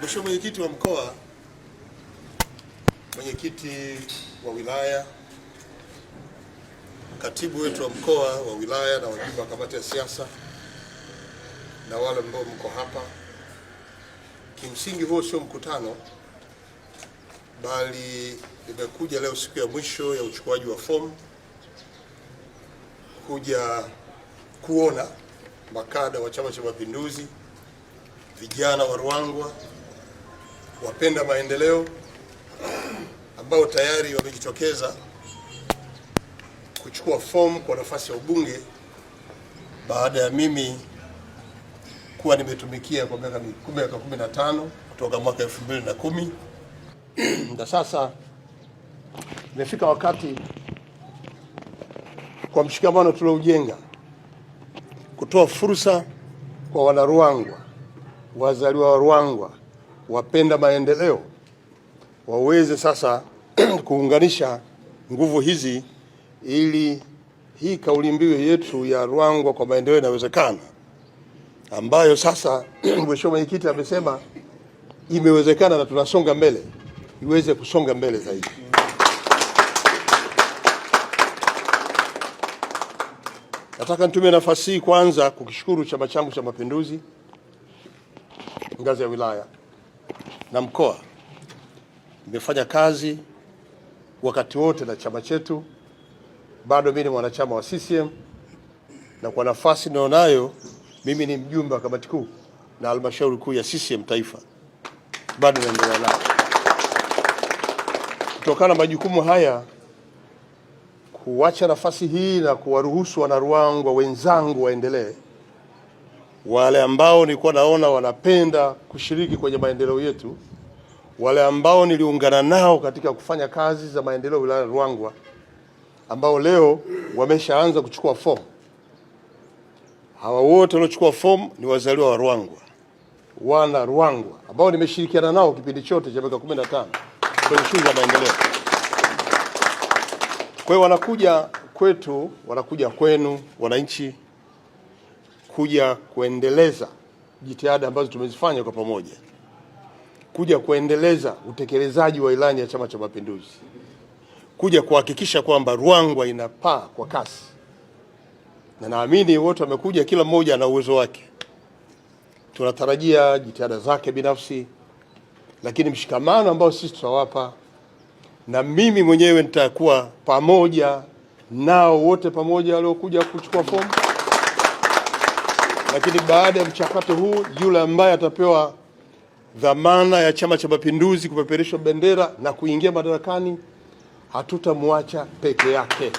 Mheshimiwa mwenyekiti wa mkoa, mwenyekiti wa wilaya, katibu wetu wa mkoa wa wilaya na wajumbe wa kamati ya siasa na wale ambao mko hapa, kimsingi huo sio mkutano, bali nimekuja leo siku ya mwisho ya uchukuaji wa fomu kuja kuona makada wa Chama cha Mapinduzi, vijana wa Ruangwa wapenda maendeleo ambao tayari wamejitokeza kuchukua fomu kwa nafasi ya ubunge baada ya mimi kuwa nimetumikia kwa miaka 15 kutoka mwaka 2010 na sasa imefika wakati kwa mshikamano tuloujenga kutoa fursa kwa Wanaruangwa, wazaliwa wa Ruangwa wapenda maendeleo waweze sasa kuunganisha nguvu hizi ili hii kauli mbiu yetu ya Ruangwa kwa maendeleo inawezekana, ambayo sasa mheshimiwa mwenyekiti amesema imewezekana na tunasonga mbele, iweze kusonga mbele zaidi. Nataka nitumie nafasi hii kwanza kukishukuru chama changu cha Mapinduzi ngazi ya wilaya na mkoa nimefanya kazi wakati wote na chama chetu. Bado mimi ni mwanachama wa CCM na kwa nafasi ninayonayo mimi ni mjumbe wa kamati kuu na halmashauri kuu ya CCM taifa, bado naendelea nayo. Kutokana na majukumu haya, kuacha nafasi hii na kuwaruhusu wanaruangwa wenzangu waendelee wale ambao nilikuwa naona wanapenda kushiriki kwenye maendeleo yetu, wale ambao niliungana nao katika kufanya kazi za maendeleo wilaya Ruangwa, ambao leo wameshaanza kuchukua fomu. Hawa wote waliochukua fomu ni wazaliwa wa Ruangwa, wana Ruangwa ambao nimeshirikiana nao kipindi chote cha miaka 15 kwenye shughuli za maendeleo. Kwa hiyo wanakuja kwetu, wanakuja kwenu wananchi kuja kuendeleza jitihada ambazo tumezifanya kwa pamoja, kuja kuendeleza utekelezaji wa ilani ya Chama cha Mapinduzi, kuja kuhakikisha kwamba Ruangwa inapaa kwa kasi, na naamini wote wamekuja, kila mmoja ana uwezo wake. Tunatarajia jitihada zake binafsi, lakini mshikamano ambao sisi tutawapa na mimi mwenyewe nitakuwa pamoja nao wote pamoja waliokuja kuchukua fomu lakini baada ya mchakato huu, yule ambaye atapewa dhamana ya Chama cha Mapinduzi kupeperusha bendera na kuingia madarakani, hatutamwacha peke yake.